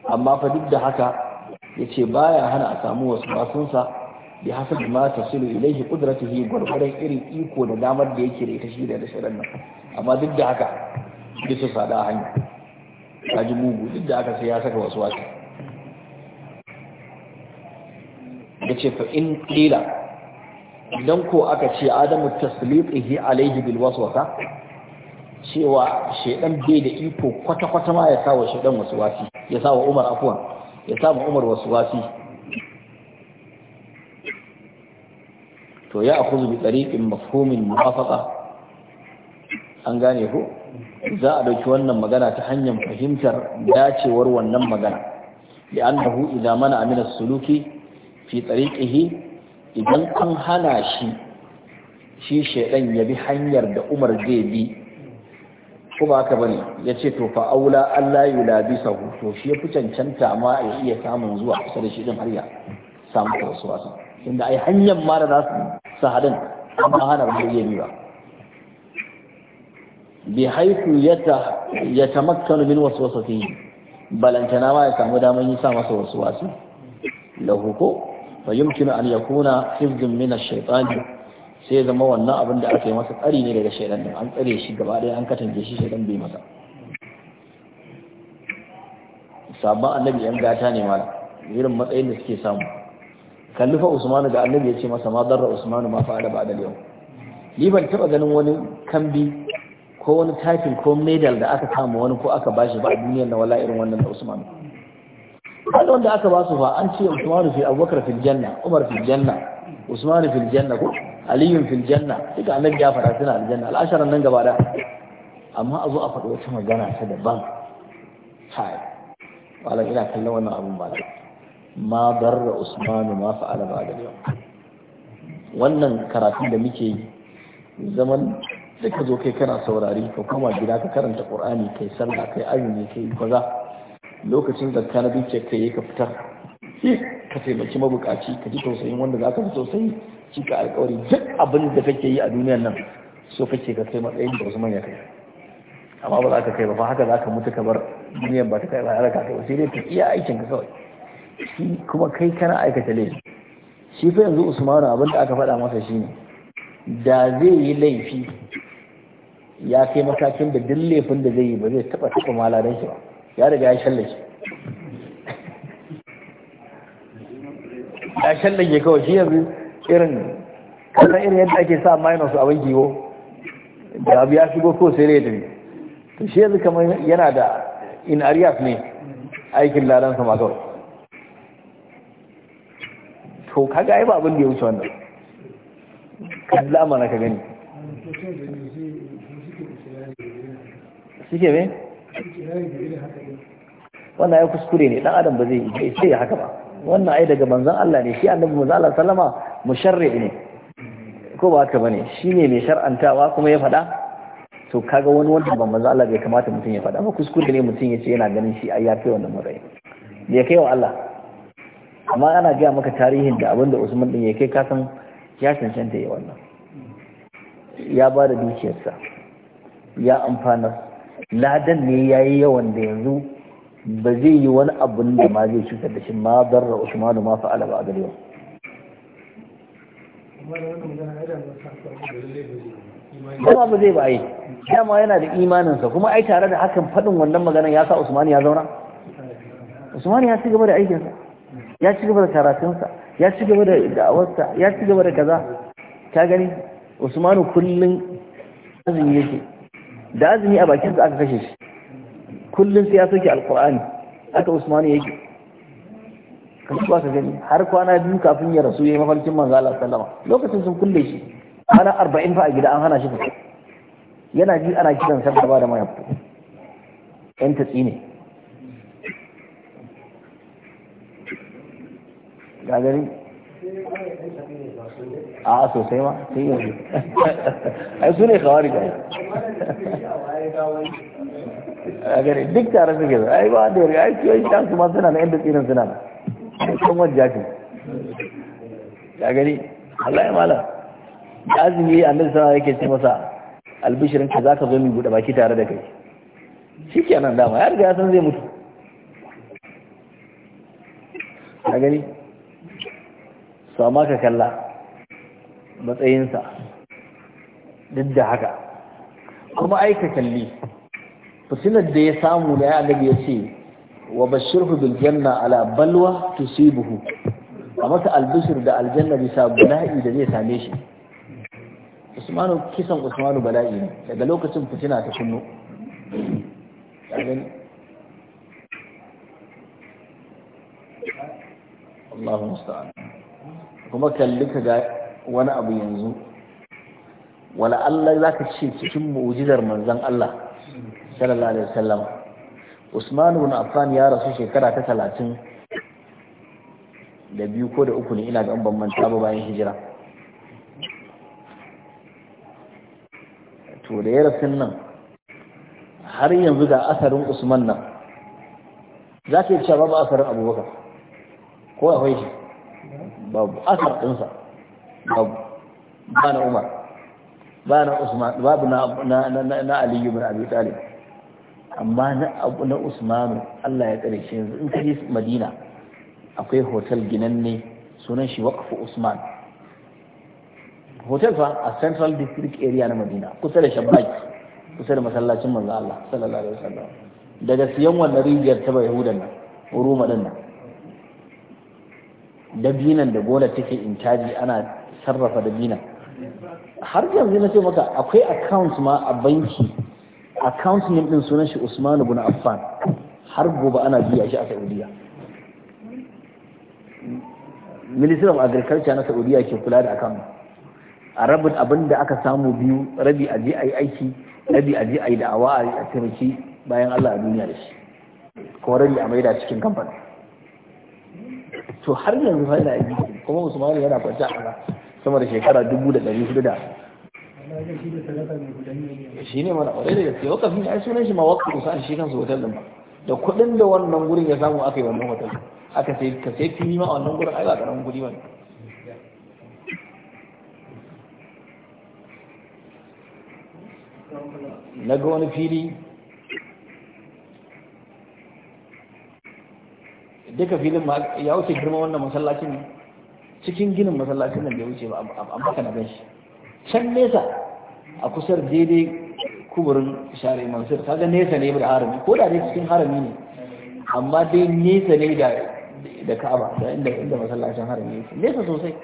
amma fa duk da haka yace baya hana a samu wasu sa bi hasab ma tasilu ilaihi qudratihi gurbaran irin iko da damar da yake da ita shi da shirin nan amma duk da haka bisa sada hanya ji mugu duk da haka sai ya saka wasu wasu yace fa in qila idan ko aka ce adamu tasliqihi alaihi bil waswasa cewa shedan bai da iko kwata kwata ma ya sawa shedan waswasi ya sawa Umar afwan ya sawa Umar waswasi to ya akhudhu bi tariqin mafhumin muwafaqa an gane ko za a dauki wannan magana ta hanyar fahimtar dacewar wannan magana li'annahu idza mana amina suluki fi tariqihi idan an hana shi shi shaidan ya bi hanyar da umar zai bi kuma haka bane ya ce to fa aula Allah ya labi sahu to shi ya fi cancanta ma ya iya samun zuwa kusa da shi din har ya samu kasuwa sa inda ai hanyar ma da za su sahadin amma hana ba zai bi ba bi haifu ya makkanu min wasu wasu balantana ma ya samu damar yi sa masa wasu wasu lahuko fa yumkinu an yakuna hifdun min ash-shaytan sai zama wannan abin da aka yi masa tsari ne daga shaidan din an tsare shi gaba ɗaya an katange shi bai masa sabon annabi yan gata ne mala irin matsayin da suke samu kallifa usmanu da annabi ya ce masa ma darra usmanu ma fa'ala ba da yau ni ban taba ganin wani kambi ko wani takin ko medal da aka kama wani ko aka bashi ba a duniyar na wala irin wannan da usmanu kada wanda aka ba su fa an ce Usman fi Abubakar fil janna Umar fil janna Usman fil janna ko Ali fil janna duka annabi ya fara suna aljanna al'asharan nan gaba da amma a zo a faɗi wata magana ta daban hai wala ina kallon wannan abun ba da ma barra Usman ma fa'ala ba da yau wannan karatu da muke yi zaman da zo kai kana saurari ka koma gida ka karanta Qur'ani kai sallah kai azumi kai kaza lokacin da ka nabi ka yi ka fitar shi ka taimaki mabukaci ka ji tausayin wanda za ka ji tausayi shi ka alkawari duk abin da kake yi a duniyar nan so kake ka kai matsayin da wasu manya kai amma ba za ka kai ba fa haka za ka mutu ka bar duniyar ba ta kai ba ya raka kai ba sai dai ka iya aikin ka kawai shi kuma kai kana aikata laifi shi fa yanzu Usman abin da aka faɗa masa shine da zai yi laifi ya kai matakin da duk laifin da zai yi ba zai taɓa taɓa maladan shi ba ya riga ya shallake ya shallake kawai shi yanzu irin kasar irin yadda ake sa minus a banki ko da abu ya shigo ko sai rai da ne to shi yanzu kamar yana da in ariyas ne aikin ladan sama kawai to kaga ai ba abin da ya wuce wannan kalla mana ka gani suke me? wannan ya kuskure ne dan adam ba zai yi sai haka ba wannan ai daga manzon Allah ne shi annabi manzon Allah sallama musharri ne ko ba haka bane shine mai shar'antawa kuma ya faɗa to kaga wani wanda ban manzon Allah bai kamata mutum ya faɗa ba kuskure ne mutum ya ce yana ganin shi ai ya kai wannan murai. ya kai wa Allah amma ana gaya maka tarihin da abin da Usman din ya kai ka san ya cancanta ya wannan ya ba da dukiyarsa ya amfanar ladan ne ya yi yawan da yanzu ba zai yi wani abun da ma zai cutar da shi ma darra usmanu ma fa'ala ba a gari ba kuma ba zai ba yi dama yana da imaninsa kuma ai tare da hakan faɗin wannan magana ya sa usmani ya zauna usmani ya ci gaba da aikinsa ya ci gaba da karatunsa ya ci gaba da da'awarsa ya ci gaba da kaza ta gani usmanu kullum azumi yake da azumi a bakin su aka kashe shi kullum sai ya soke alkur'ani aka usmani yake ka shi ka gani har kwana biyu kafin ya rasu ya yi mafarkin manzo Allah sallama lokacin sun kulle shi Ana arba'in fa a gida an hana shi fita yana ji ana kiran sarda ba da mayafu yan tatsi ne gagarin a sosai ma sai yanzu ai su ne kawari ga a gare duk tare suke zai ai ba da yarga ai kiyoyi can su ma suna na inda tsirin suna da kan wajen fi ya gani Allah ya mala da azumi a sallallahu alaihi yake ce masa albishirin ka zaka zo mu buɗe baki tare da kai Shi ke nan dama ya riga ya san zai mutu ya gani to amma ka kalla matsayinsa duk da haka kuma ai ka kalli fitinar da ya samu da ya annabi ya ce wa bashirhu bil janna ala balwa tusibuhu a masa albishir da aljanna bisa bala'i da zai same shi usmanu kisan usmanu bala'i ne daga lokacin fitina ta kunno Allahu kuma kalli ka ga wani abu yanzu wala Allah za ka ce cikin mu'ujizar manzan Allah sallallahu alaihi wasallam Usman ibn Affan ya rasu shekara ta talatin da biyu ko da uku ne ina ga ban manta ba bayan hijira to da ya rasu nan har yanzu ga asarin Usman nan za ka yi cewa babu asarin Abubakar ko akwai shi babu asar ɗinsa babu ba na umar ba na usman babu na aliyu bin abu talib amma na abu na usmanu allah ya tsare shi yanzu in ka je madina akwai hotel ginanne sunan shi waqfu usman hotel fa a central district area na madina kusa da shabbaki kusa da masallacin manzo allah sallallahu alaihi wasallam daga siyan wannan rijiyar ta yahudan nan roma din nan dabinan da gola take in caji ana sarrafa dabinan har yanzu na ce maka akwai account ma a banki account ne din sunan shi Usman ibn Affan har gobe ana biya shi a Saudiya Ministry of Agriculture na Saudiya ke kula da account a rabin abin da aka samu biyu rabi a je a aiki rabi a je a yi da'awa a taimaki bayan Allah a duniya da shi ko rabi a maida cikin kamfanin to har yanzu fa yana yi kuma usmanu yana kwance a sama da shekara dubu da ɗari hudu da shi ne mana ƙwarai da gaske wakafin ya sunan shi ma wakafin sa shi kansu hotel din ba da kuɗin da wannan gurin ya samu aka yi wannan hotel aka sai ka sai fili ma a wannan gurin ai ba ƙaramin kuɗi ba na ga wani fili duka filin ya wuce girma wannan masallacin cikin ginin masallacin nan bai wuce ba a baka na ganshi can nesa a kusur daidai kuburin share mansur kaga nesa ne da harami ko da dai cikin harami ne amma dai nesa ne da da ka'aba da inda inda masallacin harami yake nesa sosai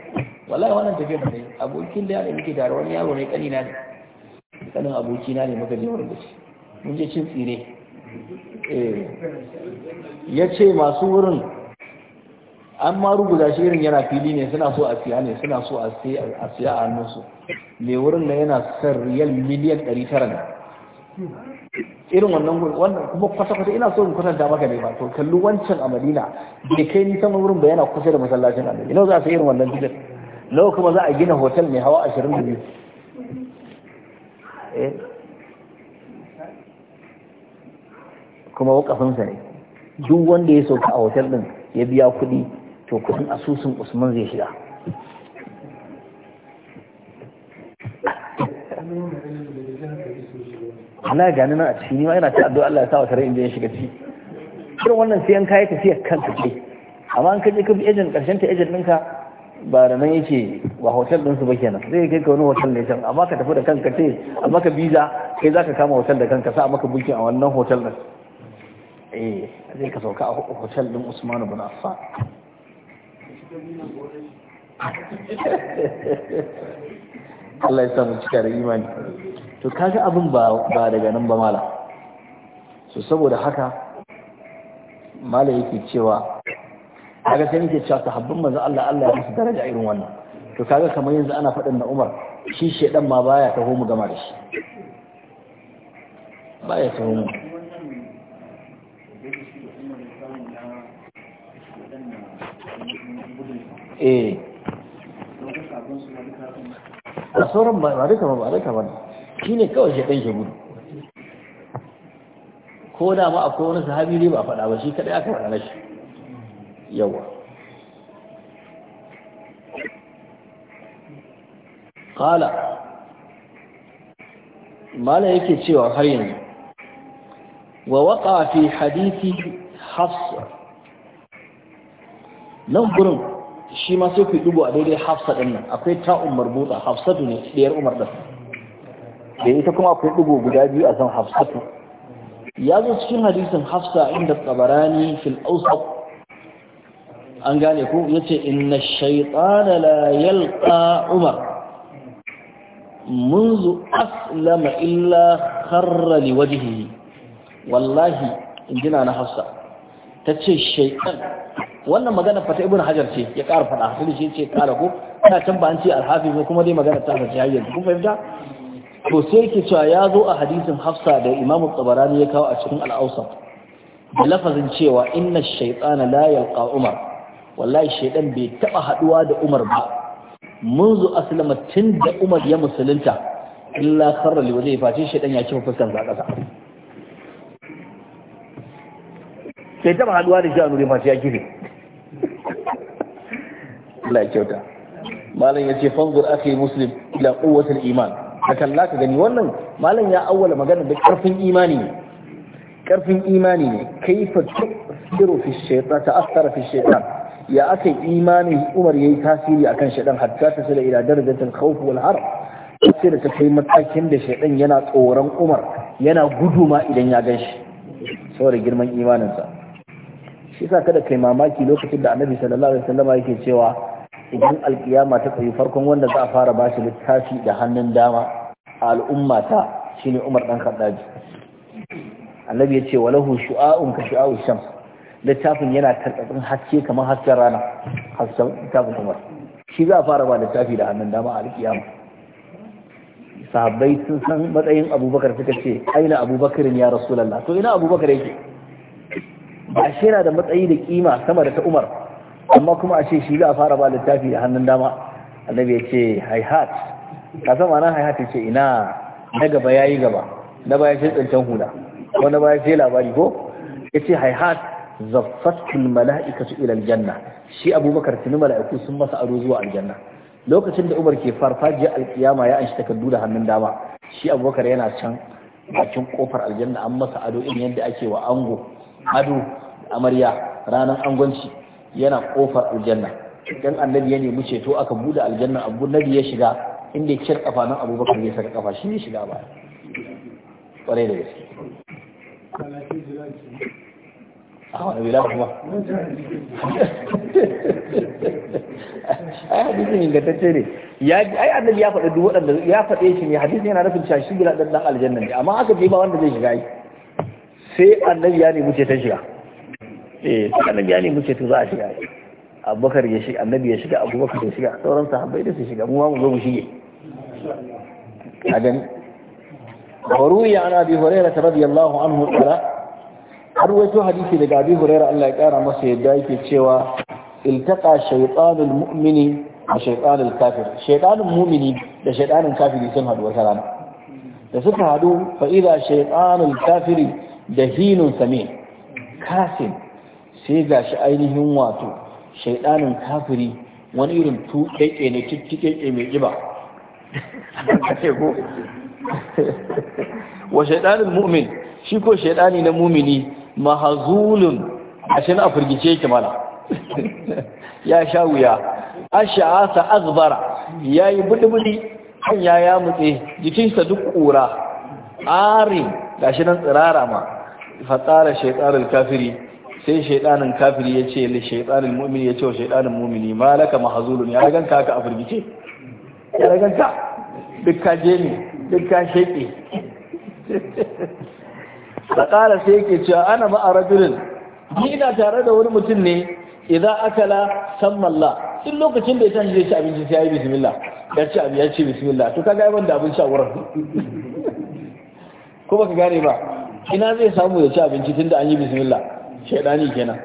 wallahi wannan tafiyar da yi abokin da muke tare wani yaro ne kanina ne kanin abokina ne muka je wurin da shi mun je cin tsire Eh. ya ce masu wurin an ma guda shi irin yana fili ne suna so a siya ne suna so a siya a hannunsu mai wurin na yana son riyal miliyan 900 irin wannan wannan kuma kwata-kwata ina so in kwatanta maka ne ba to kallu wancan a madina bai kai nisan wurin ba yana kusa da masallacin annabi ina za a irin wannan tiket nawa kuma za a gina hotel mai hawa 22 kuma wakafinsa ne duk wanda ya sauka a hotel din ya biya kuɗi to kuɗin asusun usman zai shiga Allah gani na a ciki ni ma yana ta addu'a Allah ya sa wa tare inda ya shiga ciki irin wannan sai an kai tafiyar kanka ce amma an kaje ka bi ejin karshen ta ejen ɗinka ba da nan yake wa hotel din su ba kenan zai kai ka wani hotel ne can amma ka tafi da kanka ce amma ka biza kai zaka kama hotel da kanka sa maka bukin a wannan hotel din Eh, zai ka sauka a hotel din Usman bin Affan Allah ya samu cika da imani to kaga abin ba ba daga nan ba mala so saboda haka mala yake cewa kaga sai nake cewa sahabban manzo Allah Allah ya musu daraja irin wannan to kaga kamar yanzu ana faɗin na Umar shi shedan ma baya taho mu gama da shi baya taho mu ايه الصورة معركة معركة كين كوشي كين شبود كودا ما أكون صحابي لي بأفضل عباشي كده أكبر عناش يوه قال ما لا يكيد شيء وخرين ووقع في حديث حفص نمبر shi ma sai ku dubo a daidai hafsa din nan akwai ta'un buɗa hafsatu ne ɗiyar umar ɗin. da ita kuma akwai dubo guda biyu a san hafsatu ya zo cikin hadisin hafsa inda tsabarani fil ausaf an gane ko yace inna shaytana la yalqa umar منذ أسلم إلا خر لوجهه wallahi injina na hafsa ta ce wannan magana fata ibn hajar ce ya ƙara faɗa hasili shi ce ƙara ko ana can ba an ce alhafi ko kuma dai magana ta hajar har yanzu kun fahimta to sai yake cewa ya zo a hadisin hafsa da imam tsabarani ya kawo a cikin al'ausa da lafazin cewa inna shaytana la yalqa umar wallahi shaydan bai taba haduwa da umar ba منذ أسلم تند أمر يا مسلمتا إلا خر لي وزي فاتي شيطان ya كيف فسكن ذا كذا sai taba haduwa da shi a nuri masu ya kife Allah ya kyauta malam aka fanzur akhi muslim ila quwwatil iman hakan la ka gani wannan malam ya awwala magana da karfin imani ne karfin imani ne kaifa tusiru fi fi shaytan ya aka imanin Umar yayi tasiri akan shaytan hatta ta sala ila darajatil khawf wal har sai da ta kai matakin da shaytan yana tsoron Umar yana guduma idan ya gan shi saboda girman imaninsa shi sa kada kai mamaki lokacin da annabi sallallahu alaihi wasallama yake cewa idan alkiyama ta tsayi farkon wanda za a fara bashi littafi da hannun dama a al'umma ta shine Umar dan Khattabi annabi ya ce walahu shu'a'un ka shu'a'u shams littafin yana tarkatsin haske kamar hasken rana hasken littafin Umar shi za a fara ba littafi da hannun dama a alkiyama sahabbai sun san matsayin abubakar suka ce aina abubakarin ya rasulallah to ina abubakar yake ba shi yana da matsayi da kima sama da ta umar amma kuma a ce shi za a fara ba littafi da hannun dama annabi ya ce hi-hat ka san ma'ana hi ya ce ina na gaba ya yi gaba na baya ce tsancen hula ko na baya sai labari ko ya ce hi-hat zaffatul mala'ikatu ilal janna. shi abubakar tuni mala'iku sun masa aro zuwa aljanna lokacin da umar ke farfajiyar alkiyama ya anshi takardu da hannun dama shi abubakar yana can bakin kofar aljanna an masa ado in yadda ake wa ango ado amarya ranar angonci yana kofar aljanna dan annabi ya nemi ceto aka bude aljanna abu nabi ya shiga inda ya cire kafa nan abubakar ya saka kafa shi ne shiga ba kwarai da gaske a wani bila kuma ai hadisin ingantacce ne ya ai annabi ya faɗi duk waɗanda ya faɗe shi ne hadisin yana nufin shashi shi ɗan dan aljanna ne amma aka je ba wanda zai shiga yi, sai annabi ya nemi ta shiga Eh, suka na biya ne muke to za a shiga abubakar ya shiga annabi ya shiga abubakar ya shiga sauran sahabbai da su shiga mu ma mu zo mu shige adan Baruwi ya ana Abi ta radiyallahu anhu tsara, har waito hadisi daga Abi Hurairah Allah ya ƙara masa yadda ke cewa, iltaka shaitanul mu'mini a shaitanul kafir. Shaitanul mu'mini da shaitanul kafiri sun hadu wata rana. Da suka haɗu fa'ida shaitanul kafiri da hinun sami, kasin sai ga shi ainihin wato shaidanin kafiri wani irin tuƙeƙe ne tuƙeƙe mai ƙiba wa shaidanin mu'min shi ko shaidani na mumini mahazulun ashe na firgice yake mana ya sha wuya A asha'asa azbara yayi budubudi kan ya ya mutse jikinsa duk ƙura ari shi nan tsirara ma fatsara shaidanin kafiri sai shaidanin kafiri ya ce li shaidanin mumini ya ce wa shaidanin mumini malaka mahazulun ya ragan ka haka a firgice ya ragan ka duk ka je ne duk ka sheke da kala sai yake cewa ana ma'a rajulin ni ina tare da wani mutum ne idan akala sammalla duk lokacin da ya tashi zai ci abinci sai ya yi bismillah ya ci abin ya ci bismillah to kaga yawan da abinci a wurin ko baka gane ba ina zai samu ya ci abinci tunda an yi bismillah shaidani kenan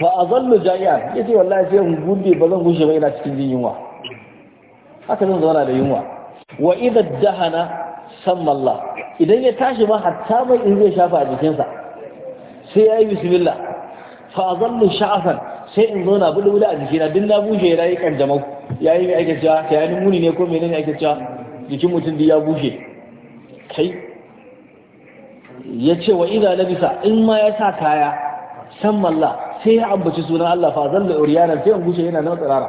fa azallu jaya yace wallahi sai in gude ba zan gushe ba ina cikin jin yunwa haka zan zauna da yunwa wa idha dahana samma idan ya tashi ma hatta mai in zai shafa a jikinsa sai yayi bismillah fa azallu sha'afan sai in zauna bulu a jikina duk na bushe na yi kanjamau yayi mai ake cewa yayi muni ne ko menene ake cewa jikin mutum duk ya bushe kai ya ce wa iza labisa in ma ya sa kaya san malla sai ya ambaci sunan Allah fa zalla uriyana sai an gushe yana nan tsirara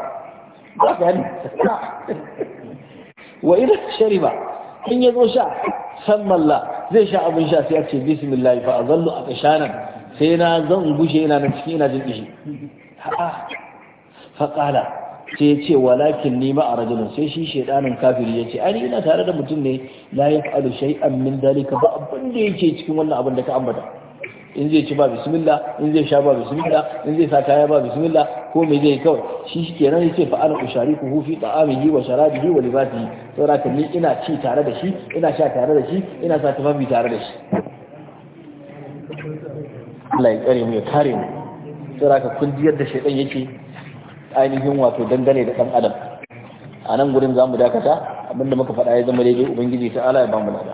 za ka yi wa iza shariba in ya zo sha san malla zai sha abin sha sai ya ce bismillah fa zallu a kashanan sai na zan gushe yana nan cikin ina jin dishi fa qala sai ya ce walakin ni ma a rajulun sai shi shaidanin kafiri ya ce ai ina tare da mutum ne la fa'adu, shay'an min dalika ba abin da yake cikin wannan abin da ka ambata in zai ci ba bismillah in zai sha ba bismillah in zai sa kaya ba bismillah ko me zai kawai shi kenan yace fa ana ushariku hu fi ta'amihi wa sharabihi wa libasihi saboda ka ni ina ci tare da shi ina sha tare da shi ina sa tufafi tare da shi Allah ya kare mu ya kare mu saboda ka kun ji yadda shaidan yake ainihin wato dangane da ɗan adam a nan gurin za mu dakata abinda muka faɗa ya zama daidai ubangiji ta ala ya ba mu lada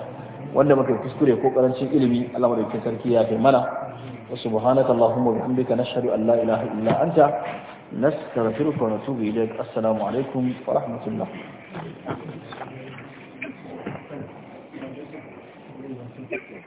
wanda muka kuskure ko karancin ilimi Allah madaukakin sarki ya kai mana wa subhanaka allahumma bihamdika nashhadu an la ilaha illa anta nastaghfiruka wa natubu ilayk assalamu alaikum wa rahmatullah